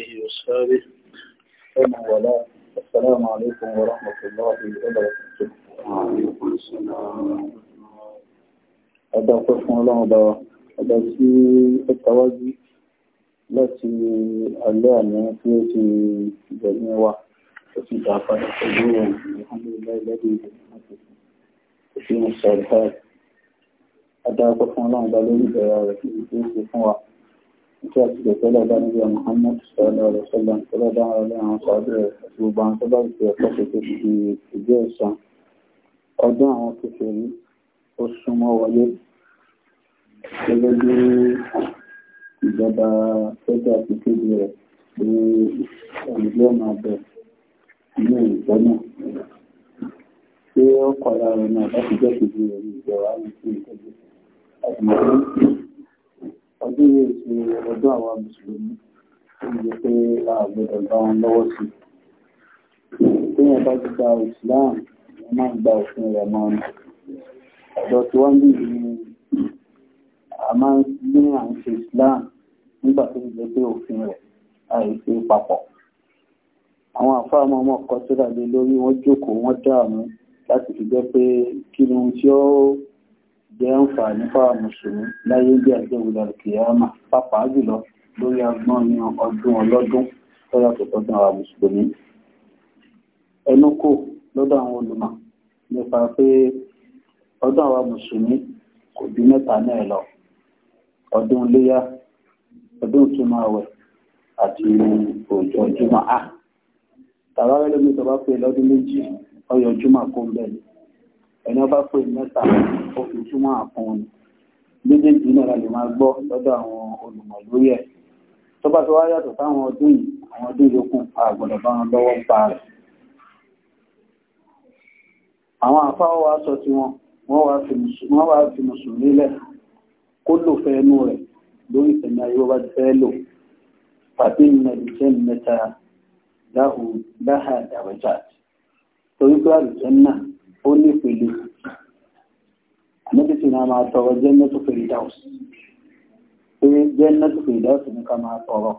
آله وصحبه ومن والاه السلام عليكم ورحمة الله وبركاته وعليكم السلام أدى قسم الله أدى في التي في جميع وفي الحمد لله الذي في الصالحات أدى قسم الله أدى لوري بيارة في الجنس tí a ti gbẹ̀tẹ́ lọ́ba nílé Muhammad sọ́lá rẹ̀ sọ́lá tọ́lá bá wọn lé àwọn sọ́ọ́dọ̀ rẹ̀ àti gbogbo àwọn tọ́lá ìpè ẹ̀kọ́ tó ti di ìjọ ẹ̀sán ọdún àwọn kékeré ó súnmọ́ wọlé gẹ́gẹ́ bí ìjọba fẹ́jà ti kéde rẹ̀ pé olùgbé ọmọ abẹ ilé ìjọ náà ṣé ó kọ́ra rẹ̀ náà láti jẹ́ kéde rẹ̀ ní ìjọba ní ìpínlẹ̀ ọdún yìí ti ọdún àwọn mùsùlùmí níbi pé a bá wọn lọ́wọ́ sí téèyàn bá ti gba islam wọn máa ń gba òfin rẹ̀ mọ́ ni ọ̀dọ̀ tí wọ́n bí ni a máa ń gbé islam nígbà tó ti jẹ́ pé òfin rẹ̀ àìsí papọ̀ àwọn àfáà ọmọ ọmọ kọ síra lé lórí wọn jókòó wọn dáàmú láti fi jẹ́ pé kí ni ohun tí ó jẹ́ àǹfààní fáwọn mùsùlùmí láyé bí àjẹ́wòlá kìyàmà pàápàá jùlọ lórí agbọ́n ní ọdún ọlọ́dún tó yàtọ̀ tọ́dún àwọn mùsùlùmí ẹnu kò lọ́dọ̀ àwọn olùmọ̀ nípa pé ọdún àwọn mùsùlùmí kò bí mẹ́ta náà lọ ọdún léyà ọdún túnmọ̀ àwẹ̀ àti òòjọ́ jùmọ̀ a tàbá rẹ̀ lómi tó bá pé lọ́dún méjì ọyọ̀ jùmọ̀ kó ń bẹ̀ ni ẹni ọba pè mẹ́ta ó fi túmọ̀ àpọn ni méjèèjì náà lè máa gbọ́ lọ́dọ̀ àwọn olùmọ̀ lórí ẹ̀ tó bá ti wá yàtọ̀ táwọn ọdún yìí àwọn ọdún yòókù a gbọ́dọ̀ bá wọn lọ́wọ́ pa rẹ̀ àwọn àfáà wa sọ ti wọn wọ́n wá fi mùsùlùmí lẹ̀ kó lò fẹ́ inú rẹ̀ lórí ìsẹ̀mí ayé bá ti fẹ́ lò tàbí ìrìnà ìjẹ́ mẹ́ta láhà dàbẹ̀jáde torí pé àlùjẹ́ náà ó ní ìpele àmọ́tí sì náà máa tọrọ jẹ́nẹ́tù fèrèdáùs pé jẹ́nẹ́tù fèrèdáùs ní ká máa tọrọ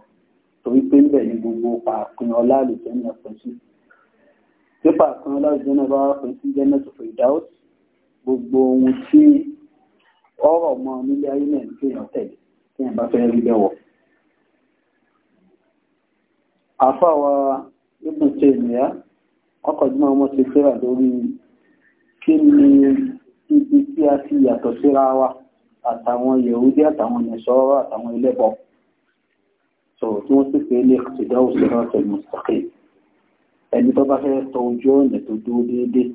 torí pé ń bẹ̀ ní gbogbo pàápín ọlá àlùjẹ́ náà pẹ̀ sí pé pàápín ọlá àlùjẹ́ náà bá wà pẹ̀ sí jẹ́nẹ́tù fèrèdáùs gbogbo ohun tí ọrọ̀ mọ́ nílé ayé náà ní kéèyàn tẹ̀lé kéèyàn bá fẹ́ rí bẹ́wọ̀ àfáwa ibùn tèmíyá ọkọ̀ ìgbìmọ̀ ọmọ ti fẹ́ràn lórí kí ni ibi tí a ti yàtọ̀ síra wa àtàwọn yẹ̀húdí àtàwọn nẹ̀ṣọ́rọ̀ àtàwọn ẹlẹ́bọ sọ̀rọ̀ tí wọ́n sì pé ilé ìtìdá òṣèré ọ̀tẹ̀ mùsàkè ẹni tó bá fẹ́ tọ ojú ọ̀nà tó dúró déédéé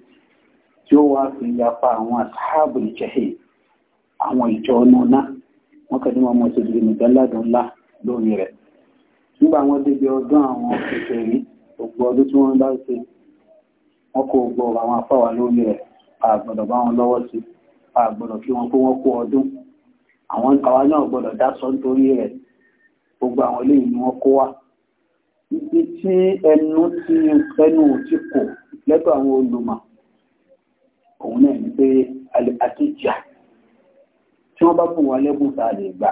tí ó wá fi yapa àwọn àtàbù ìjẹ́hì àwọn ìjọ ọ̀nà náà wọ́n kẹ́ni wọn mọ̀ sí ìdílé nìgbẹ́ládùn ńlá lórí rẹ̀ nígbà wọn débi ọdún àwọn kékeré ògbó ọdún tí wọ́n bá ṣe wọ́n kó gbọ́ àwọn afáwà lórí rẹ̀ àgbọ̀dọ̀ bá wọn lọ́wọ́ sí àgbọ̀dọ̀ kí wọn kó wọn kó ọdún àwọn àwa náà gbọ́dọ̀ dásọ nítorí rẹ̀ gbogbo àwọn eléyìí ni wọ́n kó wá ibi tí ẹnu ti ẹnu ti kò lẹ́tọ̀ àwọn olùmọ̀ òun náà ní pé àtijọ́ tí wọ́n bá bù wá lẹ́bùn tá a lè gbà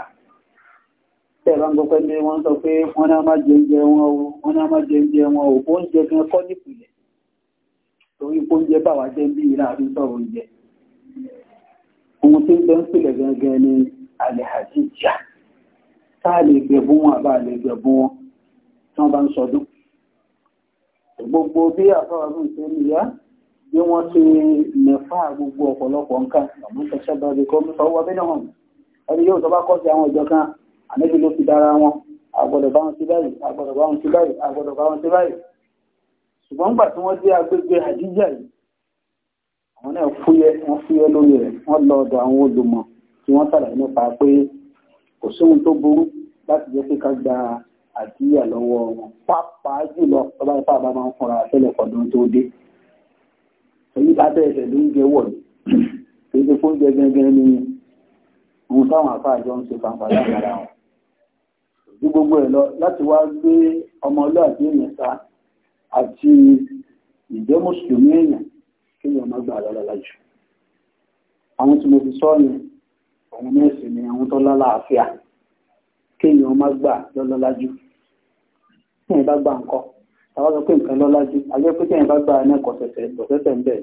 tẹ́ bá ń gbọ́ pé wọ́n sọ pé wọ́n náà má jẹ oúnjẹ wọn o wọ́n náà má jẹ oúnjẹ wọn o oúnjẹ gan kọ́ nípìnlẹ̀ torí kó ń jẹ báwa jẹ́ bí ìlà àti sọ̀rọ̀ oúnjẹ ohun tí ń bẹ́ ń pìlẹ̀ gẹ́gẹ́ ní alẹ́ àjíjà tá a lè gbẹ̀bùn wọn àbá lè gbẹ̀bùn wọn tí wọ́n bá ń sọdún gbogbo bí àfọwọ́dún ṣe ń yá bí wọ́n ti mẹ́fà gbogbo ọ̀pọ̀lọpọ̀ nǹkan àwọn ìṣẹ̀ṣẹ̀ bá rí kọ́ mẹ́fà wọ́n bínú hàn ẹni yóò tó bá kọ́ sí àwọn ìjọ kan àníbi ló fi dára wọn àgbọ̀dọ̀ bá wọn sí báyìí àgbọ̀dọ̀ bá wọn sí báyìí àgbọ̀dọ̀ bá wọn sí báyìí ṣùgbọ́n nígbà tí wọ́n dé agbègbè àdíjà yìí àwọn náà fúyẹ́ wọ́n fúyẹ́ lórí rẹ̀ wọ́n lọ ọ̀dọ̀ àwọn olùmọ̀ tí wọ́n ṣàlàyé nípa pé kò sóhun tó burú láti jẹ́ pé ká gba àdíyà lọ́wọ́ wọn pàápàá jùlọ ọba ìfá àbá máa ń fúnra tẹ́lẹ̀ kọ̀dún tó dé èyí lábẹ́ ẹ̀sẹ̀ ló ń jẹ́ wọ̀ ní èyí tó fóúnjẹ gẹ́gẹ́ ní ohun táwọn àfáà jọ ń ṣe fanfà láàárín ara wọn ní gbogbo ẹ̀ lọ láti wá gbé ọmọ ọlọ́àdé yẹn sá àti ìjẹ́ mùsùlùmí èèyàn kí ni ọmọ gbà lọ́lọ́lá jù àwọn tí mo fi sọ ni òun náà sì ni àwọn tó lálàáfíà kí ni ọmọ gbà lọ́lọ́lá jù tí èèyàn bá gbà ńkọ́ àwọn sọ pé nǹkan lọ́lá jù ayé pé tí èèyàn bá gbà náà kọ̀sẹ̀sẹ̀ kọ̀sẹ̀sẹ̀ ń bẹ̀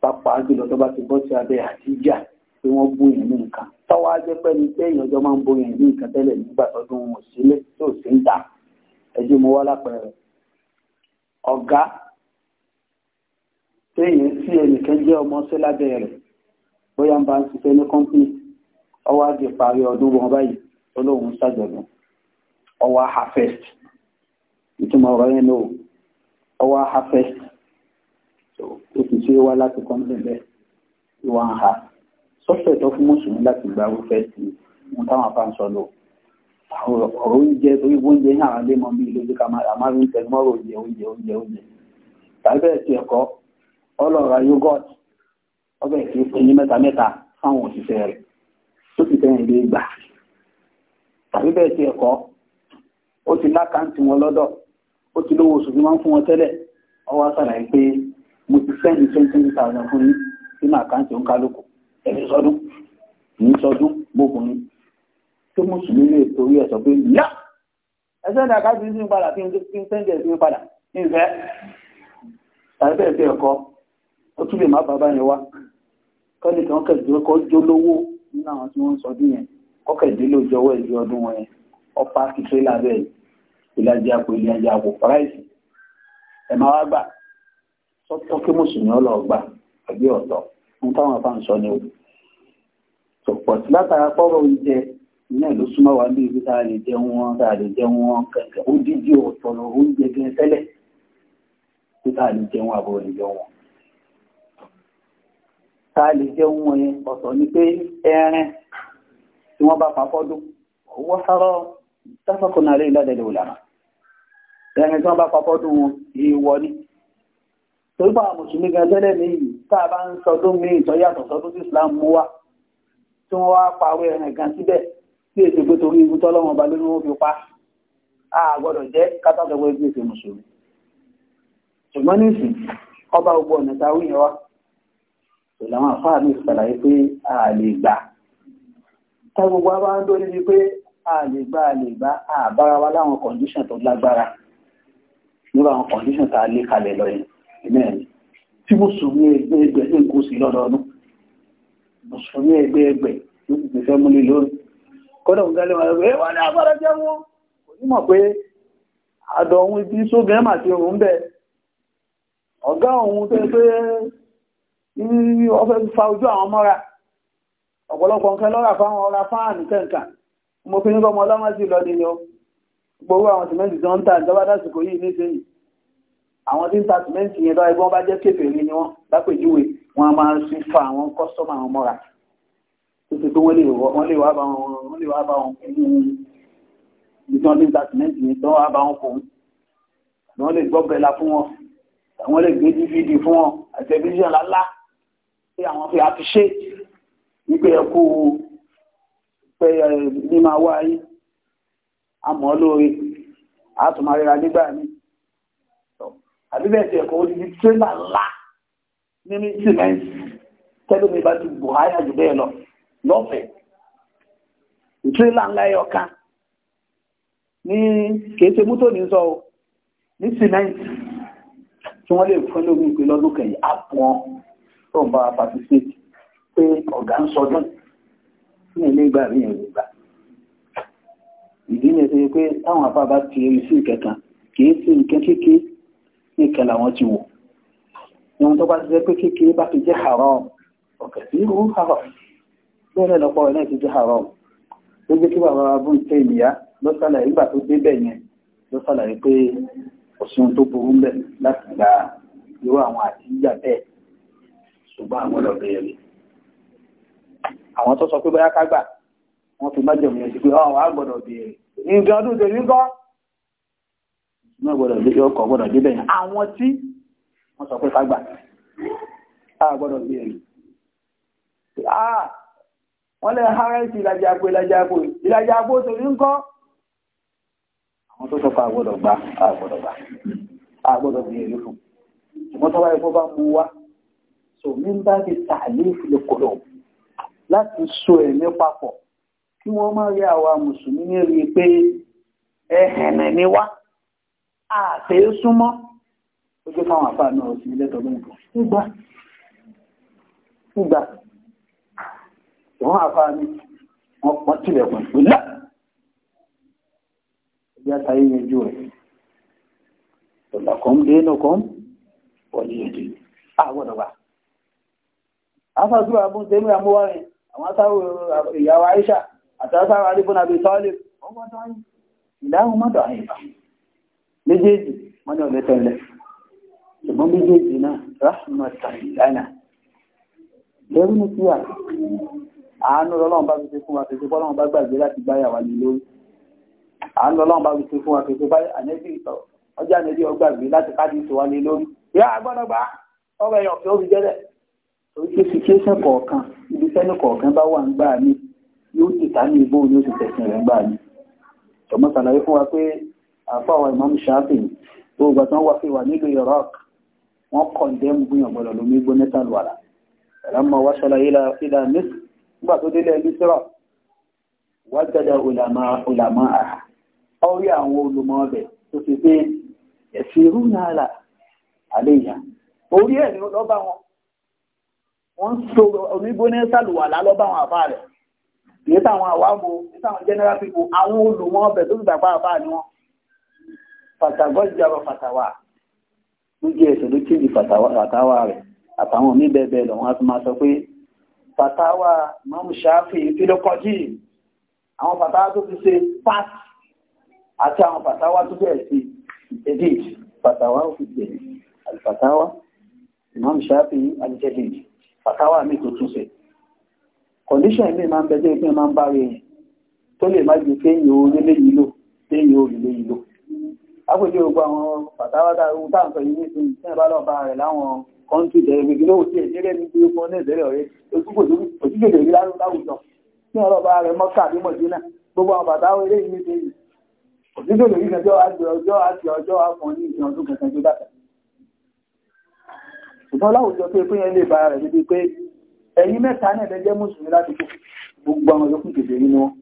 pàápàá jùlọ tó bá ti bọ́ sí abẹ́ àdíjà pé wọ́n bú yẹn ní nǹkan tọ́wọ́ á jẹ́ pé pé èèyàn jọ máa ń bú yẹn ní nǹkan tẹ́lẹ̀ nígbà tọdún òsílẹ̀ tí ò ń dà ẹjọ́ mo wá lápẹẹrẹ ọ̀gá téèyàn tí ẹnìkan jẹ́ ọmọ sí lábẹ́ rẹ̀ bóyá ń bá ń ṣiṣẹ́ ní kọ́ńpìnì ọwọ́ á di parí ọdún wọn báyìí olóhùn ṣàjọ̀dún ọwọ́ harvest ìtumọ̀ ọ̀rọ̀ yẹn náà ọwọ́ harvest ó sì ṣe wá láti kọ́ńpìnì bẹ́ẹ̀ ìwà ń ha sọ́fẹ̀ tó fún mùsùlùmí láti gba irúfẹ́ sí i wọn táwọn afáǹsọ lò àwọn ọ̀rọ̀ oúnjẹ torí oúnjẹ ní àwọn alẹ́mọ̀ bí ilé ìjọba máa ń tẹnu mọ́rọ̀ oúnjẹ oúnjẹ oúnjẹ oúnjẹ tàbí ẹ̀sì ẹ̀kọ́ ọlọ́ra yogurt ọbẹ̀ tí ó ní mẹ́ta mẹ́ta fáwọn òṣìṣẹ́ rẹ̀ tó sì tẹ́yìn ilé gbà tàbí ẹ̀kọ́ ó ti lákàntì wọn lọ́dọ̀ ó ti lówó oṣù tí wọ́n fún wọn tẹ́lẹ̀ ọwọ́ sàlàyé pé mo ti twenty thousand fún yín sínú àkáǹtì òǹkálùkù ẹ̀mí sọdún ní sọdún gbógun tó mùsùlùmí lè torí ẹ̀ sọ pé yá ẹsẹ̀ ìdàgá ti ń padà kí n tẹ́ǹjẹ̀ sí padà ìfẹ́ tàbí ẹ̀fẹ́ ẹ̀kọ́ ó tún lè má bàbá yẹn wá kẹ́nìkan kẹ̀dúrẹ́kọ́ jólówó nínú àwọn tí wọ́n ń sọdún yẹn kọ́kẹ̀dínlẹ̀ òjọwọ́ ìlú ọdún wọn yẹn ọ̀pá kìtìrẹ́là bẹ́ẹ̀ ìlàjì àpò ìlàjì àpò fáráìsì ẹ̀ máa wá gbà sọ́tọ́ kí mùsùlùmí ọlọ́ọ̀gbà àbí ọ̀tọ̀ ń táwọn afáǹsọ ni ó tòpọ̀ látara pọ́rọ̀ oúnjẹ náà ló súnmọ́ wa bí ibi tá a lè jẹun wọn tá a lè jẹun wọn kẹ̀kẹ́ ó dídí ọ̀tọ̀ lọ oúnjẹ gẹ́gẹ́ tẹ́lẹ̀ bí tá a lè jẹun àbọ̀ lè jẹun wọn. tá a lè jẹun wọn yẹn ọ̀tọ̀ ni pé ẹran tí wọ́n bá pa fọ́dún owó sáró táfàkùnà lè ládẹ́lẹ̀ òlànà ẹran tí wọ́n bá pa fọ́dún wọn èèwọ̀ ni torí bá mùsùlùmí gan tẹ́lẹ̀ ní yìí tá a bá ń sọdún míì tó yàtọ̀ sọdún tí Islam mú wa tí wọ́n wá pawé ẹran gan síbẹ̀ tí èsì pé torí ibi tọ́lọ́wọ́n ọba ló ní wọ́n fi pa á gbọ́dọ̀ jẹ́ kátàkọ́gbọ́ ẹgbẹ́ ìfẹ́ mùsùlùmí ṣùgbọ́n ní ìsìn ọba gbogbo ọ̀nà tá a wíyẹn wá kò láwọn àfáà mi ṣàlàyé pé a lè gbà tá gbogbo wa bá ń dórí ni pé a lè gbà a lè gbà a bára wa láwọn kọ̀ǹdíṣàn tó lágbára nígbà àwọn kọ̀ǹdíṣàn tá a lé kalẹ̀ lọ yẹn mẹ́rin tí mùsùlùmí ẹgbẹ́ ẹgbẹ́ ń kó sí lọ́dọọdún mùsùlùmí ẹgbẹ́ ẹgbẹ́ ló ti fẹ́ múlẹ̀ lórí kọ́dọ̀ ń gálẹ̀ wọn ẹ eh, wọ́n ní agbára jẹ́ wọn kò ní mọ̀ pé àdọ̀ ohun ibi sóbìnrin mà ti rùn bẹ́ẹ̀ ọ̀gá òun tó pé ọfẹ́ fa ojú àwọn mọ́ra ọ̀pọ̀lọpọ̀ nǹkan lọ́ra fáwọn ọra fáànù kẹǹkà mo fi ní kọ́mọ ọlọ́mọ sí lọ nìyọ gbogbo àwọn sìmẹ́ntì tó ń ta ìjọba dásìkò yìí nísìnyí àwọn tí ń ta sìmẹ́ntì yẹn lọ ẹgbọ́n bá jẹ́ kéfèé ni wọ́n lápèjúwe wọn a máa ń fi fa àwọn kọ́sọ́mù àwọn mọ́ra títí tó wọ́n lè wá bá wọn ibi tí wọ́n ti ń ta sìmẹ́ǹtì ní tọ́ wá bá wọn kò wọ́n lè gbọ́ bẹ́là fún wọn àwọn lè gbé dvd fún wọn àti tẹlifíṣàn lálá tí àwọn fi àti ṣe wípé ẹkú pé ní máa wá yí àmọ́ lórí àtùmárira nígbà mí àbí bẹ́ẹ̀ tí ẹ̀kọ́ odidi tírélà ńlá nínú sìmẹ́ǹtì tẹ́lómi bá ti bù háyà jù bẹ́ẹ̀ lọ lọ́fẹ̀ẹ́ ìtírélà ńlá ẹyọ kan ní kéèṣe mútò ní sọ ní sìmẹ́ǹtì tí wọ́n lè fún lómi ìpè lọ́dún kẹ̀yìn àpọn tó ń bá wa participate pé ọ̀gá ń sọdún ní ilé ìgbà rí ìgbà ìdí ni pé táwọn afá bá ti rí sí ìkẹkàn kìí nǹkan kékeré nìkan làwọn ti wò ní ohun tó bá ti jẹ́ pé kékeré bá ti jẹ́ haram ọ̀kẹ́ sí irú haram bẹ́ẹ̀ lọ́pọ̀ rẹ̀ náà ti jẹ́ haram ló gbé kí bàbá wa bùn tẹ́ ìyá ló ṣàlàyé nígbà tó dé bẹ̀ yẹn ló pé òṣùn tó burú ń bẹ̀ láti gba irú àwọn àtijọ́ bẹ́ẹ̀ ṣùgbọ́n àwọn lọ àwọn tó sọ pé bóyá ká gbà wọ́n fi májèmú yẹn sí pé ọ̀ wá gbọ́dọ̀ ọdún tèmi gbọ́dọ̀ wọ́n lẹ́ hárẹ́sì ìlàjàgbò ìlàjàgbò ìlàjàgbò tó ní ń kọ́ àwọn tó sọpá àgbọ̀dọ̀gbà àgbọ̀dọ̀gbà àgbọ̀dọ̀gbà ìlú fún ṣùgbọ́n tó wáyé fọ́ bá mú wá so mi ń bá ti tààlé ìfilẹ̀ kọ̀dọ̀ láti so ẹ̀mí papọ̀ kí wọ́n má rí àwa mùsùlùmí ní rí pé ẹ̀hẹ̀nẹ̀ ni wá àtẹ́ súnmọ́ ó jẹ́ fáwọn àfáà náà sí ilé tọ́gbọ́n ìgbà ìwọ́n àfáà ní wọ́n pọ́n tilẹ̀kùn ìpínlẹ̀ bí a sáyé yanjú rẹ̀ ọ̀làkùn dénú kan wọ́n ní èdè àgbọ̀dọ̀ wà afásúwà bún tẹ́lú àmúwárin àwọn sáwọ̀ ìyàwó Aisha àtàsáwà alìbùn àbí tọ́lẹ̀ ọgbọ́dọ̀ ìdáhùn mọ́dọ̀ àyíká méjèèjì wọ́n ní ọ̀lẹ́ tẹ́lẹ̀ ṣùgbọ́n méjèèjì náà rahmatan lana lẹ́rú ní kíyà àánú lọ́lọ́run bá fi ṣe fún wa kìí ṣe bọ́lọ́run bá gbàgbé láti gbáyà wà ní lórí àánú lọ́lọ́run bá fi ṣe fún wa kìí ṣe báyà ànẹ́bí ìtọ́ ọjà ànẹ́bí ọgbàgbé láti káàdì ìṣòwà ní lórí ìyá àgbọ́dọ̀ gbà ọ̀rọ̀ ẹ̀yọ̀ kí ó fi jẹ́lẹ̀ torí pé situation kọ̀ọ̀kan ibi sẹ́nu kọ̀ọ̀kan bá wà ń gbà ní yóò ti ta ní ibò yóò ti tẹ̀sìn rẹ̀ gbà ní ṣọmọ sàlàyé fún wa pé àfọwà Imam Shafi gbogbo àti wọn wà fi wà nílùú Iraq wọn kọ̀ndẹ́mù gbìyànjú lọ lómi gbónẹ́tà lọ́la ẹ̀rọ mọ́ wá ṣọlá yìí la nígbà tó délé ẹbí sọ́rọ̀ wájọ́dọ̀ olàmọ́ àhà ọrí àwọn olùmọ̀ ọbẹ̀ tó ti pé ẹ̀sìn irú náà là alẹ́ ìyá orí ẹ̀ ni lọ́ bá wọn wọ́n so onígbóná sàlùwàlá lọ́ bá wọn àbá rẹ̀ kìí táwọn àwábo kìí táwọn general people àwọn olùmọ̀ ọbẹ̀ tó ti dàgbà àbá ni wọn fàtàgọ́ ìjọba fàtàwà ló jẹ́ ẹ̀sẹ̀ ló kéde fàtàwà rẹ̀ àtàwọn mí bẹ́ẹ̀ bẹ́ẹ̀ lọ wọn a fi máa sọ pé fàtàwà mọ́mù ṣáfì ìfìlọ́kọjí àwọn fàtàwà tó ti ṣe pat àti àwọn fàtàwà tó bẹ̀rẹ̀ sí edit fàtàwà ó fi gbẹ̀rẹ̀ alfàtàwà mọ́mù ṣáfì alìjẹ́dìd fàtàwà mi tó túnṣe condition mi máa ń bẹ́jẹ́ ìpín máa ń bá rẹ̀ yẹn tó lè má ju kéèyàn orí léyìí lò kéèyàn orí léyìí lò. àpèjì gbogbo àwọn fàtàwà dáa ohun táà sọ yìí ní ìsìn ìsìn ìbálòpá rẹ̀ láwọn kọ́ńtì tẹ̀lé gbèsè tí ẹ̀jẹ̀ rẹ̀ ní pé ó fọ́n ọ̀rẹ́ òtúgbòdè láwùjọ ní ọ̀rọ̀ rẹ̀ mọ́kà ní gbogbo àwọn bàbá eré ìlú ti rí òtúgbòdè rí àti ọjọ́ àti ọjọ́ àfọ̀n ní ìsìn ọdún kẹsàn tó dàtà ṣùgbọ́n láwùjọ pé pé yẹn lè bá rẹ̀ débi pé ẹ̀yin mẹ́ta náà lẹ́jẹ́ mùsùlùmí láti kú gbogbo àwọn yòókù tètè nínú wọn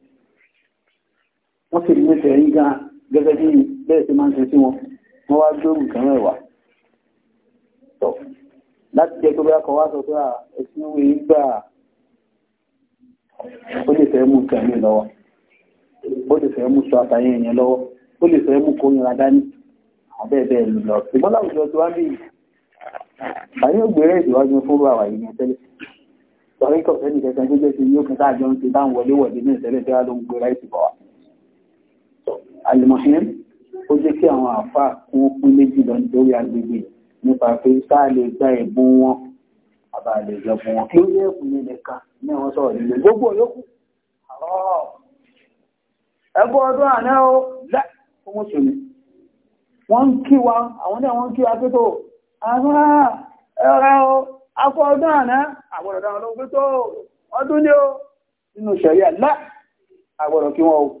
wọ́n sì nífẹ̀ẹ́ yín gan gẹ́gẹ́ bí bẹ́ẹ̀ ti máa ń ṣe sí wọn wọ́n wá gbé kan rẹ̀ láti jẹ́ tó bá kọ wá sọ pé à ẹ̀sìn ìwé gbà ó lè fẹ́ mú kẹ̀mí lọ́wọ́ ó lè fẹ́ mú sọ àtàyẹ̀ yẹn lọ́wọ́ ó lè fẹ́ mú kóyìnra dání àbẹ́ẹ̀bẹ́ ìlú lọ ṣùgbọ́n láwùjọ tó wá bí àyè ògbèrè ìdíwájú fúrú àwà yìí ní tẹ́lẹ̀ sọ̀rọ̀ ìkọ̀ sẹ́ni kẹsàn tó jẹ́ sí ní òkúta àjọ ń ti bá ń wọlé wọ̀dé ní ìtẹ́lẹ̀ tí wá ló ń gbéra ìsìn bọ̀ wá alìmọ̀hìn ó jẹ́ kí àwọn àfáà kún ó pín méjì lọ nítorí agbègbè nípa pé sáà lè gba ẹ̀bùn wọn àbá lè jẹ fún wọn lórí ẹ̀bùn yẹn nìkan ní àwọn sọ̀rọ̀ nílé gbogbo yòókù ẹgbẹ́ ọdún àná ó lẹ́ fún mùsùlùmí wọ́n ń kí wa àwọn náà wọ́n ń kí wa pé tó àwọn ẹ̀rọ akọ ọdún àná àgbọ̀dọ̀ dáwọn lọ́wọ́ pé tó ọdún ní ó nínú ṣẹ̀ríà lẹ́ àgbọ̀dọ̀ kí wọ́n o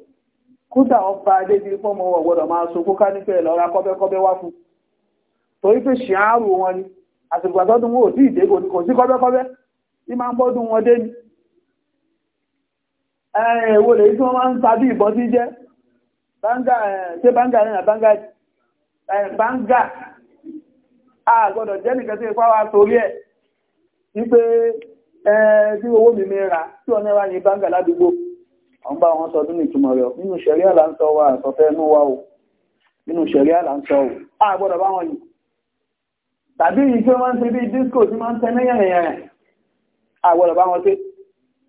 kúta ọba adébí fọ́mọ ọgbọ̀dọ̀ máa so kó ká nífẹ̀ẹ́ lọ́ra kọ́bẹ́kọ́bẹ́ wá fún un torí pé ṣàárù wọn ni àsìkò wọn ò tí ìdé kò sí kọ́bẹ́kọ́bẹ́ tí máa ń bọ́dún wọn dé ni ẹ̀ẹ̀wò lè tí wọ́n máa ń tàbí ìbọn tí jẹ́ ṣe báńgà rẹ̀ báńgà àgbọ́dọ̀ jẹ́ nìkan tí ipá wa torí ẹ̀ nínú ṣẹ̀ríà là ń sọ wa àsọfẹ́ bá wọn yìí tàbí yìí tí ó máa ń ṣe bí disco tí máa ń tẹ́ níyàn yẹn wọn ṣe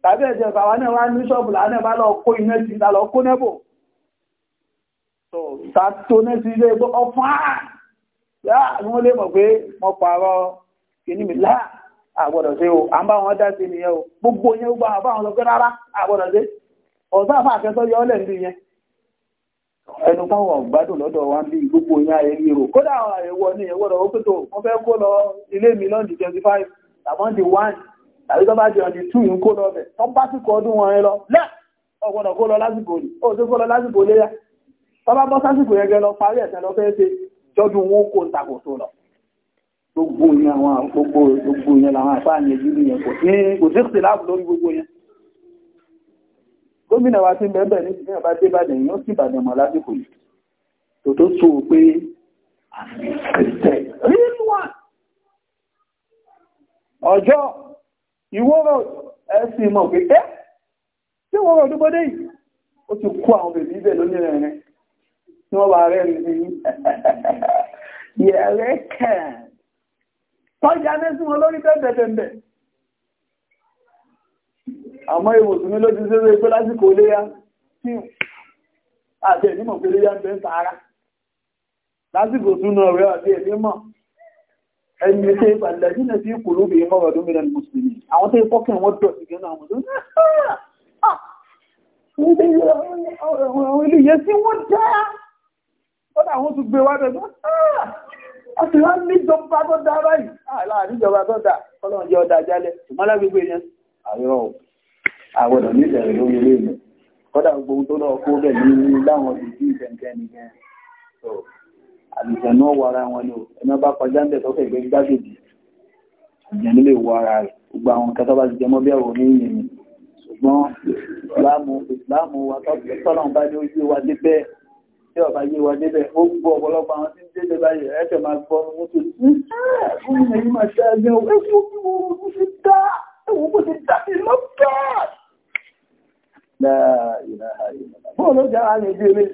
tàbí ẹ̀jẹ̀ bàwá náà wá ní ṣọ́ọ̀bù láàrín bá lọ kó iná sí ìdálọ́ kó nẹ́bò tó ní sí ilé ẹgbọ́ ọfá ní wọ́n lè mọ̀ pé mọ́ ẹnu fáwọn ọ̀gbádùn lọ́dọ̀ wa ń bí gbogbo yá ẹ̀rí rò kódà àwọn àrẹwọ ní ẹwọ́dọ̀ ó pètò wọ́n fẹ́ kó lọ ilé mi lọ́ndì 25 tàbọ́ndì 1 tàbí tó bá di ọ̀dì 2 ń kó lọ bẹ̀ tó bá sì kọ ọdún wọn lọ lẹ́ ọ̀gbọ́dọ̀ kó lọ lásìkò ní ó tó kó lọ lásìkò léyà tó bá bọ́ sásìkò yẹn gẹ lọ parí ẹ̀sẹ̀ lọ fẹ́ ṣe jọdún wọn kó ń takò tó lọ gbogbo yẹn àwọn gbogbo yẹn làwọn àfáà yẹn jù nìyẹn kò sí kò sí gómìnà wa ti bẹ́ẹ̀ ní ìpínlẹ̀ bá dé ìbàdàn yóò sì ìbàdàn mọ̀ lásìkò yìí tó tó tó o pé ọjọ́ ìwọ́rọ̀ ẹ̀sìn mọ̀ pé ẹ́ tí wọ́n rọ̀ dúgbọ́dé yìí ó ti kó àwọn bèbí ibẹ̀ lónìí rẹ̀ tí wọ́n bá rẹ̀ ní yẹ̀rẹ̀ tọ́jà mẹ́sùn wọn lórí bẹ́ẹ̀ àmọ́ ìwòsàn mi ló ti ṣe pé lásìkò léyà tí àti ẹ̀nímọ̀ pé léyà ń bẹ ń sàárà lásìkò súnà rẹ̀ àti ẹ̀nímọ̀ ẹni tẹ́ ìpàdàjí náà sí ìkòrò bí i mọ́rọ̀ lómìnà mùsùlùmí àwọn tẹ́ ìfọ́kẹ̀ wọ́n dọ̀ sí gẹ́nà àwọn tó ah! àwọn ilé yẹ sí wọ́n dá ọ́dá àwọn tó gbé wádẹ̀ láti wá ah! níjọba tó dá báyìí ah, àwọ̀dọ̀ nífẹ̀ẹ́ lórí ilé ìlú kọ́dà gbogbo ohun tó lọ kó bẹ̀ ní láwọn ìdí ìfẹ̀ǹkẹ́ nìkan so àlùfẹ́ náà wọ ara wọn ni o ẹni bá kọjá ń bẹ̀ tó fẹ̀gbẹ́ gbágbèjì ìyẹn nílé wọ ara rẹ̀ gbogbo àwọn kẹta bá ti jẹmọ́ bí ẹ̀wọ̀ ní ìyẹn ni ṣùgbọ́n ìsìláàmù wa tọ́lọ́run bá ní ó yé wa débẹ̀ tí ọba yé wa débẹ̀ ó gbọ́ ọ̀pọ̀lọpọ̀ àwọn tí ń débẹ̀ báyìí ẹ̀ẹ́tẹ̀ máa gbọ́ ohun tó ti ń ṣe é Bọ́ọ̀lù jẹ́ àárín ibi ilé.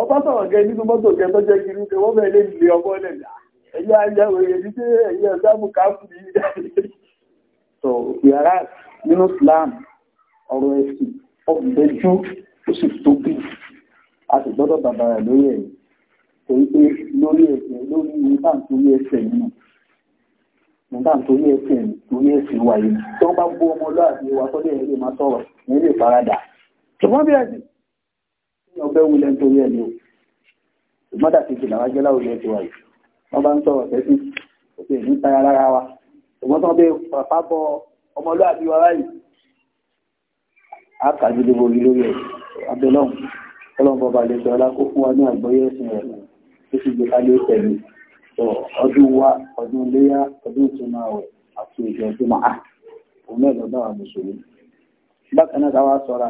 Ọba sọ̀rọ̀ gẹ nínú mọ́tò gẹ tó jẹ́ kiri kẹ wọ́n bẹ̀rẹ̀ lè ọkọ̀ ilẹ̀ dà. Ẹ̀yà ayẹ́ òye ní tí ẹ̀yẹ ẹ̀sáàmù káàkù ní ìdá. So, yàrá nínú Islam, ọ̀rọ̀ ẹ̀sìn, ọ̀gbẹ́jú, ó sì tóbi. A sì gbọ́dọ̀ bàbá rẹ̀ lórí ẹ̀. Torí pé lórí ẹ̀sẹ̀ lórí ìbáǹtorí ẹ̀sẹ̀ yìí nígbà torí ẹsìn torí ẹsìn wa yìí tó bá gbó ọmọ lọ́àbí wa tó lè lè máa sọ̀rọ̀ ní lè faradà ṣùgbọ́n bí ẹ̀sìn ní ọbẹ̀ wulẹ̀ nítorí ẹ̀ ní o ṣùgbọ́n dàtí ìjìnlẹ̀ wájẹ́ láwùjọ ti wà yìí wọ́n bá ń sọ̀rọ̀ sẹ́sìn òfin ìlú tayà lára wa ṣùgbọ́n tó bẹ pàpà bọ ọmọ lọ́àbí wa báyìí á kàjú lè borí lórí ẹ̀ abẹ́lọ́hùn ọlọ́run bọba àlejò ọlá kó fún wa ní àgbọ́yé ẹ̀sìn ọdún wa ọdún léyà ọdún ìtúnú àwẹ̀ àti ìjọ ìjọmọ a òun náà lọ bá wa mùsùlùmí bákan náà táwa ṣọ́ra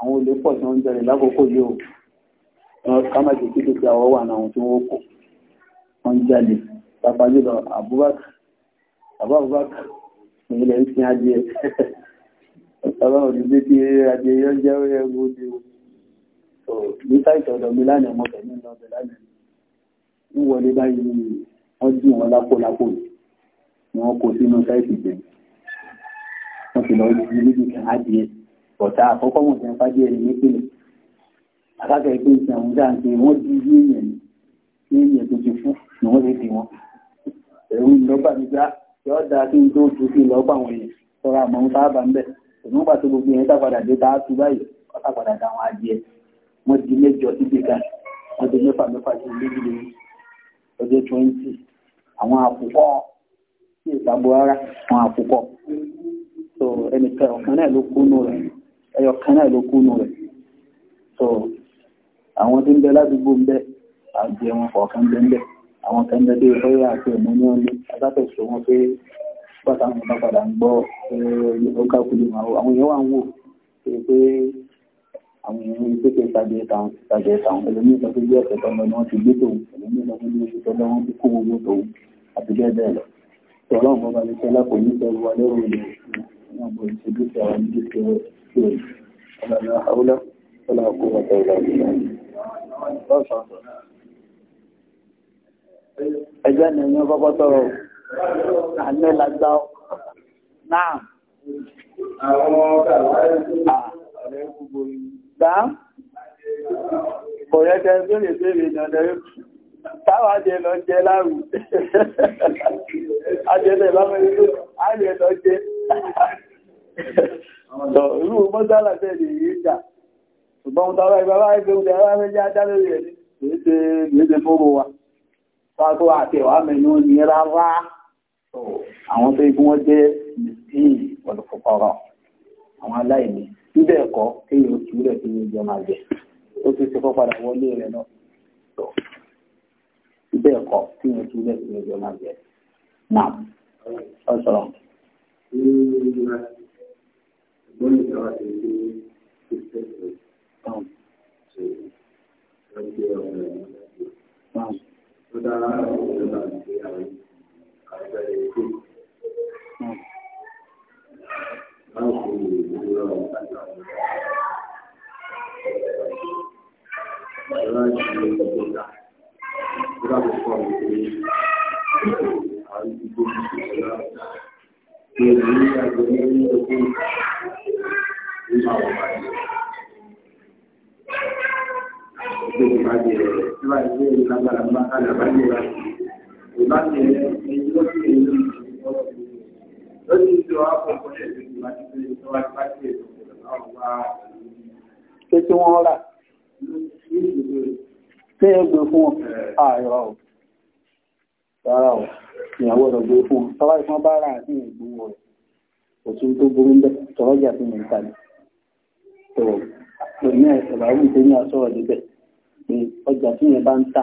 àwọn olè pọ̀ tí wọ́n ń jẹrìí lákòókò yìí o ká má jẹ́ kí dúkìá wọ́n wà náà tí wọ́n kò wọ́n ń jalè pàpà jùlọ Abubakar bàbá Abubakar ìpínlẹ̀ ń sin adìẹ ọlọ́run ò ní bí kí adìẹ yọ jẹ́ ẹgbẹ́ òde o nípa ìtọ̀dọ̀ mi lánàá mọ̀ pẹ̀lú ìlọ́bẹ̀ wíwọlé báyìí wọ́n jí wọn lápòlápò ni wọ́n kó sínú sáìsì jẹ́ wọ́n sì lọ jí níbi kan adìẹ ọ̀tá àkọ́kọ́ wọn jẹun fájú ẹni nípìnlẹ̀ akákẹ́ ìpín ìsìn àwọn dáńtì wọ́n jí yí èèyàn ní èèyàn tó ti fún ni wọ́n lè dì wọn ẹ̀rù ìlọ́gbà mi gbá yọ́ da kí n tó tu sí ìlọ́gbà wọn yẹn sọ́ra àmọ́ ń sáábà ń bẹ̀ òun gbà tó gbogbo yẹn sápadà dé tá a tu báyìí wọ́n sápadà dá àwọn adìẹ wọ́n di mẹ́jọ síbi kan wọ́n di mẹ́fà mẹ́fà sí ilé ìlú ọjọ́ twenty àwọn àkùkọ sí ìsàbò ara àwọn àkùkọ so ẹnìkan ọ̀kan náà ló kúnú rẹ̀ ẹyọ kan náà ló kúnú rẹ̀ so àwọn tí ń bẹ ládùúgbò ń bẹ àjẹ wọn kọ̀ọ̀kan bẹ ń bẹ àwọn kan bẹ bí ọyọ àti ẹ̀mọ́ ní wọn ní agbátẹ̀sọ wọn pé pàtàkì wọn bá padà ń gbọ́ ó kálukú lè máa àwọn èèyàn wà ń wò pé àwọn èèyàn ní pé kí n ṣàjẹ́ ìtàwọn ti ṣàjẹ́ ìtàwọn ẹlòmí sọ pé bí ọ̀sẹ̀ tọ́mọ ni wọ́n ti gbé tòun ẹlòmí sọ pé bí oṣù tọ́lọ ẹ̀yán kọ́kọ́ tọrọ àmì làgbà náà. àwọn ọ̀gá àwọn ẹgbẹ́ gbogbo yìí dáa kò yẹ kẹ bèrè bèrè dandan táwọn ajẹ lọ jẹ láàrù ajẹlẹ lámẹ́rin ajẹ lọ jẹ irú mọ́sálà tẹ́lẹ̀ yìí jà ṣùgbọ́n tọ́lá ìbára ẹgbẹ́ oúnjẹ alámẹ́jẹ́ ajá lórí ẹ̀ ní ṣe síbẹ̀ kọ́ kéèyàn ó túlẹ̀ kí ni ìjọ máa jẹ ó ti ṣe kó wọlé rẹ̀ lọ tó síbẹ̀ kọ́ kéèyàn ó túlẹ̀ kí ni ìjọ máa jẹ náà ọ sọ̀rọ̀. Thank you. láti ṣe ìjọba ìjọba tó fọ́ àwọn ìwé àwọn ìdìbò ìṣẹ̀lá pé ní àjọ ní ọdún nínú àwọn àjọ. Ọjọ́ ìbàdí rẹ̀ tí wàá ilé ìlágbára máa ń kálẹ̀ bá yẹra. Ìbàdí rẹ̀ ni yóò ṣe ìlú ìṣẹ̀lá. Lọ́sí ìjọ àpòpọ̀ ṣẹ̀ṣẹ̀ ìbàdí rẹ̀ tí wàá ti bá ṣe ìṣẹ̀lá wà. Ṣé tí wọ́n rà? tí ẹ gbé fún ààrọ̀ rárá ọ̀ ìyàwó ọ̀rọ̀ gbé fún tọ́wá ìfọ́n bá rà ní ìgbó rẹ̀ òtún tó burú ń bẹ́ tọ́rọ́jà sí mi ìtàlẹ̀ tó pẹ̀lú ẹ̀sọ̀láwù tó ní asọ́rọ̀ níbẹ̀ ni ọjà tí yẹn bá ń tà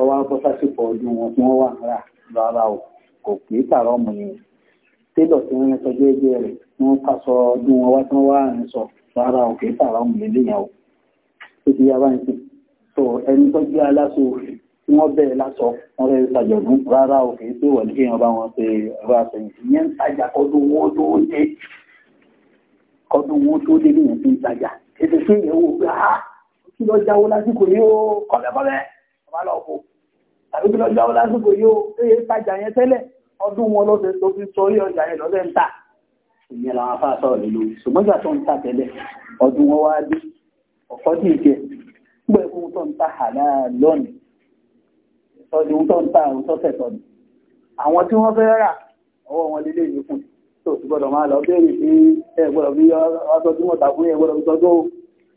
ọwọ́ akọ́sásìkò ọdún wọn tí wọ́n wà rà rárá ọ̀ kò pé tààrọ̀ mọ̀ yẹn tébọ̀ tí wọ́n yẹn sọ jẹ́jẹ́ rẹ̀ wọ́n kásọ ọdún wọn wá tí wọ́n wà ń sọ rárá ọ̀ pé tààrọ̀ mọ̀ lélẹ́yàwó tó ti yára ń sìn so ẹni tó jẹ́ aláṣọ tí wọ́n bẹ̀rẹ̀ lásọ wọ́n rẹ̀ ṣàjọ̀dún rárá o kì í pé wọ̀lú kéèyàn bá wọn ṣe ẹ̀rọ àṣẹyìn ìyẹn ń tajà kọdún owó tó dé kọdún owó tó dé nìyẹn fi ń tajà ètò ṣe ìyẹ̀wò pé á ah, kí lọ jáwó lásìkò yìí ó kọ́lẹ́kọ́lẹ́ ọba lọ kó tàbí kí lọ jáwó lásìkò yìí ó eye tajà yẹn tẹ́lẹ̀ ọdún wọn lọ́sẹ̀ tó fi sọ orí ọjà yẹn lọ́sẹ̀ ń tà ìyẹn làwọn afáàfáà ọ̀kọ́ tí ì jẹ gbọ́ ẹ̀kọ́ ohun tó ń ta àlá lónìí ìtọ́jú ohun tó ń ta ohun tó tẹ̀tọ́ ni àwọn tí wọ́n fẹ́ rà ọwọ́ wọn lélẹ̀ yìí fún tó ti gbọ́dọ̀ máa lọ béèrè sí ẹ gbọ́dọ̀ bí ọsọ tí mo ta fún yẹn gbọ́dọ̀ tọ́jú o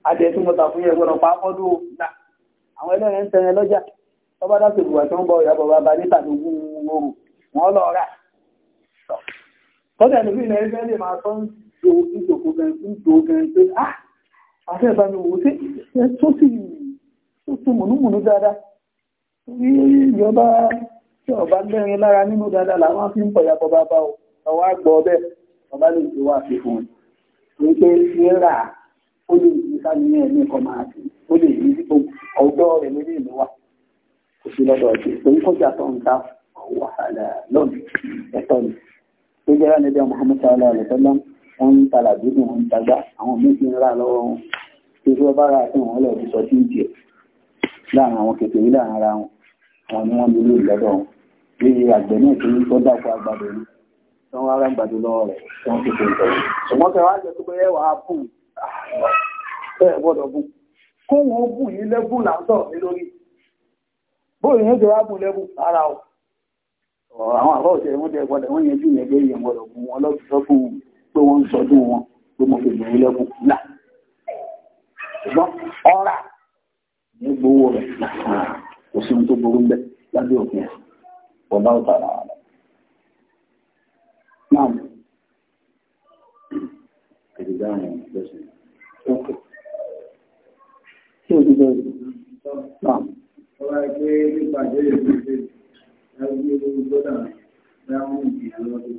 adìẹ tí mo ta fún yẹn gbọ́dọ̀ pa fọ́dún o gbà àwọn ẹlẹ́rìí ń tẹ̀rẹ̀ lọ́jà tọ́ba dá sèbùwà tó ń bọ ìyàbọ̀ bàbá níta tó gún oòrùn wọn lọ rà tọ́jà níbi ilẹ̀ ẹgbẹ́ lè máa sọ ń do ìjòkó gan ń do gan pé ah àti ẹ̀bá mi wò ó sí ẹ tó sì tó tó mùnúmùnú dáadáa torí ìjọba tí ọba lẹ́rin lára nínú dáadáa làwọn fi ń pọ̀ yàtọ̀ bàbá o ọwọ́ àgbọ̀ ọbẹ̀ ọba lè ti wà sí fún un pé rírà ó lè yí sáré ní ẹ̀mí kan máa sí ó lè yí sípò ọ̀dọ́ rẹ̀ nílé ìlú wa kò sí lọ́dọ̀ ọ̀dẹ̀ torí kò sí àtọ̀ǹta wàhálà lọ́nà ẹ̀tọ́ ni. Gbogbo ẹ̀rọ ni bí i Muhammad sallallahu alaihi wa wọ́n ń ta làdúgbò wọn ń tagbá àwọn míì ti ń rà lọ́wọ́ wọn tó tó bá ra àti wọn lọ́ọ̀dún sọ sí ìjẹ́ láàrin àwọn kékeré láàrin ara wọn àwọn ni wọ́n lulú lọ́dọ̀ wọn lórí àgbẹ̀ náà tó ń tọ́ dàpọ̀ àgbàdo ni tó ń wá rà àgbàdo lọ́wọ́ rẹ̀ tó ń tètè ìtọ́ ṣùgbọ́n kẹwàá àjọ tó bẹ́ẹ̀ wàá bùn bẹ́ẹ̀ gbọ́dọ̀ bùn kó wọn bùn yín lẹ́bùn làásọ̀ mi lórí bóyá yẹn ti wá bùn lẹ́bùn ara o àwọn àbọ̀ òṣèré wọn tẹ gbọ́dọ̀ wọ́n yẹn jù yẹn gbé yẹn gbọ́dọ̀ bùn wọn lọ́dún sọ́kùn pé wọ́n ń sọdún wọn pé mo fi lòó lẹ́kùn là ṣùgbọ́n ọ̀rà ní gbowó rẹ̀ kò sí ohun tó burú bẹ́ẹ̀ lábẹ́ òfin ẹ̀sìn ọ̀dà ọ̀tàrà rẹ̀. Náà kìdìdá àwọn ìgbésẹ̀ ọkọ̀. Ṣé o ti bẹ̀rẹ̀? Náà. Ọba ẹgbẹ́ nípa ìbéèrè fún ìbéèrè, ẹgbẹ́ gbọ́dọ̀, ẹgbẹ́ àwọn ìgbìyànjú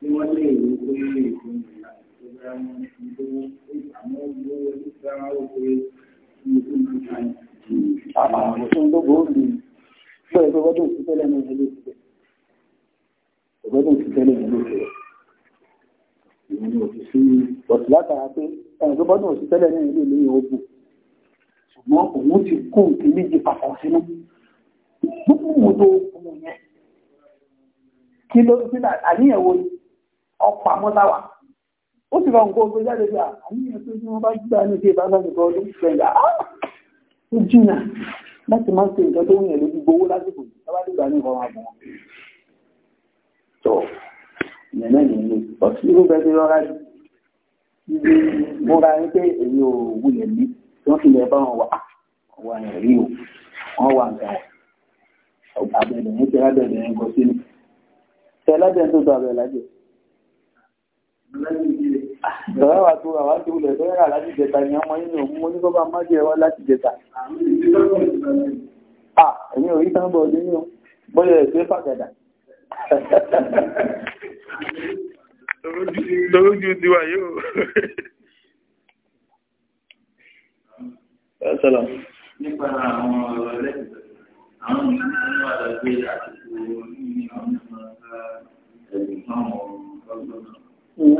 tí wọ́n lè wò pé ìfún ìgbà tó bá mú ìgbó àwọn owó nígbà ó pé ìfún ìgbà àwọn ọ̀sán tó gbòó bì fún ẹgbẹ́ gbọ́dọ̀ sí tẹ́lẹ̀ ní ilé ìfẹ́ ìgbọ́dọ̀ sí tẹ́lẹ̀ ní ilé ìfẹ́ ìwọ̀n ni òfin sí ọ̀sùn látara pé ẹ̀rọ gbọ́dọ̀ sí tẹ́lẹ̀ ní ilé ìlú yóò bù ṣùgbọ́n òun ti kó nǹkan méjì papọ̀ sínú gbogbo wo tó kú yẹn kí ló kí àníyàn wo ni ọ̀pọ̀ àmọ́tàwà ó sì rọrùn kó o jáde bí ah, àníyàn tó ní wọ́n bá gbà ní ìdí ìbáná nìkan ọdún gbẹ̀ngà ah, ó jìnà láti máa ń ṣe nǹkan tó ń yàn lójú gbowó lásìkò ìjọba nígbà ní ìfọwọ́ àbọ̀ wọn. tó ìyẹn náà nìyẹn lè sọ sí irú bẹ́ẹ̀ ti rọra ibi mo ra ní pé èyí ò wulẹ̀ bí Ìjọba wà tó àwọn tó lẹ̀ fẹ́rà láti jẹta ni ọmọ inú òun mo ní kọ́ bá má jẹ́ wá láti jẹta. À ẹ̀yìn orí tán bọ̀ ọdún yóò bọ́lẹ̀ ẹ̀fẹ́ fàgàdà. Lọ́rọ́jú ti wà yóò. Ẹ̀sọ́lọ̀. Nípa àwọn ọ̀rọ̀ lẹ́yìn, àwọn ìlú wà lọ pé àtìkù ní àwọn ọmọ Irú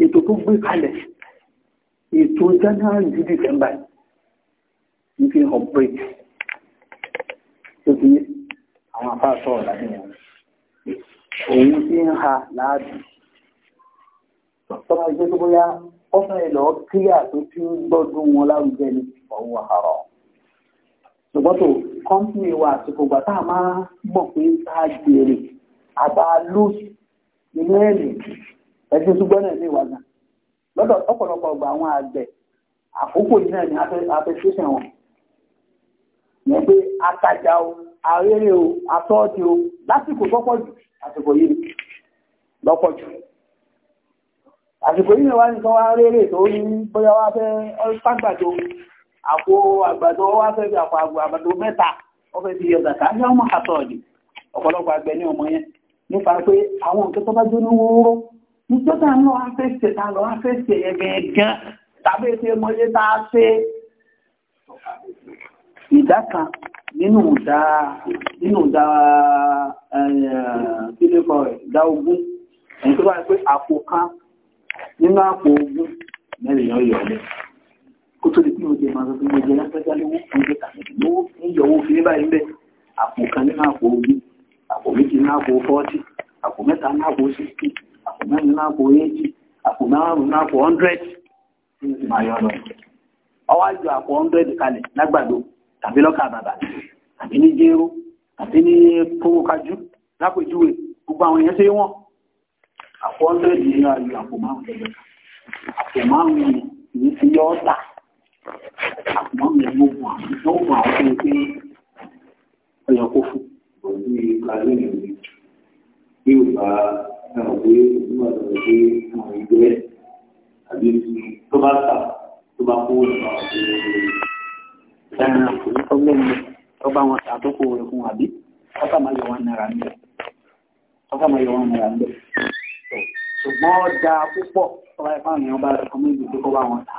ètò tó gbé kalẹ̀, ètò January to December ní fi hàn break. Tó fi àwọn afá sọ̀rọ̀ láti yẹn. Òun ti ń ha láàbì. Sọ́bà rẹ̀ tó bóyá ọ́fẹ́ lọ kíyà tó ti ń gbọ́dún wọn lárugẹ ní ọwọ́ àárọ̀. ṣùgbọ́n tó kọ́mpìnì wa àsìkò ìgbà tá a máa mọ̀ pé tá a àbá lóṣù ẹ̀rì ẹ̀sìn ṣùgbọ́n ní lọ́dọ̀ ọ̀pọ̀lọpọ̀ ọgbà àwọn àgbẹ̀ àkókò wọn pé o arére o atọ́ọ̀dì o lásìkò tọ́pọ̀ jù àsìkò yìí lọ́pọ̀ jù àsìkò yìí ni ní sọ wá tó ní bóyá àpò àgbàdo wá fẹ́ fi àpò àgbàdo mẹ́ta wọ́n fẹ́ fi yọ gàtà ní ọmọ àtọ̀ọ̀dì ọ̀pọ̀lọpọ̀ àgbẹ̀ ní ọmọ yẹn nípa pé àwọn nǹkan tó bá jó ní wóró níjọ́ tá ń lọ wá fẹ́ ṣe tá ń lọ wá ṣe yẹn gẹ̀ẹ́gẹ́ tàbí ṣe mọyé tá a ṣe ìdá kan nínú ìdá nínú ìdá kílẹ̀kọ̀ ìdá ogún ẹni tó bá rí pé àpò kan nínú àpò ogún mẹ́rin yọ ọ́ kó tó di pé oúnjẹ máa sọ pé mo jẹ lápẹ́já lówó oúnjẹ tàbí lówó ń yọ owó fi ní báyìí ń bẹ̀ àpò kan nínú àpò ogun àpò méjì nínú àpò fọ́ọ̀tì àpò mẹ́ta nínú àpò sísì àpò mẹ́rin nínú àpò eighty àpò márùn nínú àpò hundred ní ti máa lágbàdo tàbí lọ́kà bàbà tàbí àpò ni àpò márùn-ún àpò márùn-ún yìí ti yọ ọ́ àmọ́ mi ló wà ló wà fún un pé ọyọ kó fún pẹ̀lú ipa lónìí rẹ̀ bí ò bá gbàgbé nígbà tó ń gbé àwọn ìgbẹ́ àbí tó bá tà tó bá kó lọ́wọ́ àti ẹ̀rọ ìfọ́lẹ́mi tó bá wọn tà tó kó rẹ̀ fún àbí ọkà máa yọ wọn náírà níbẹ̀ ọkà máa yọ wọn náírà níbẹ̀ ṣùgbọ́n dáa púpọ̀ tó bá yẹ fáwọn èèyàn kọ́ bá wọn tà.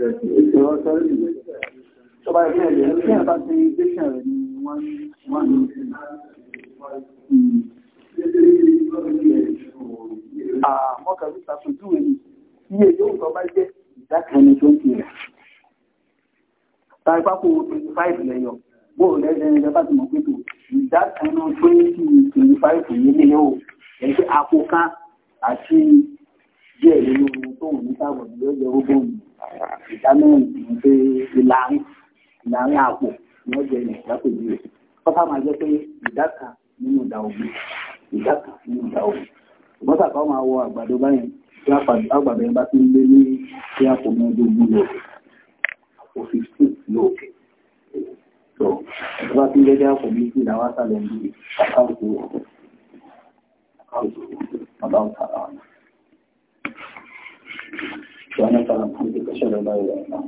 Ìjọba ìpínlẹ̀ ìlú tí a bá ti gbéṣẹ̀ rẹ̀ ni wọ́n ní ìsinmi. Àwọn kàrí ìtàkùjú rẹ̀ ni, iye yóò tọ́ bá jẹ́ ìdákanì tó ń kí rẹ̀. Tàbí pápò 25 lẹ́yọ, àti díẹ̀ nínú tó wù ní sáàbọ̀ lórí ọjọ́ ogún ìdáná ìdìbò pé ìlànà ìlànà àpò ni wọ́n jẹ nàìjíríà pẹ̀lú rẹ̀ kọ́fà máa jẹ́ pé ìdá kan nínú ìdá omi ìdá kan nínú ìdá omi ṣùgbọ́n tàbí wọ́n máa wọ àgbàdo báyìí tí àgbàdo yẹn bá ti ń lé ní tí àpò mẹ́ẹ̀ẹ́dógún lò àpò fifteen lóòkè tó bá ti ń lé àpò méjì làwọn àṣàlẹ̀ ń bí àkáǹtì àkáǹtì ọ̀dọ́ ọ̀tàrà wọn. وانا فهمت كشر الله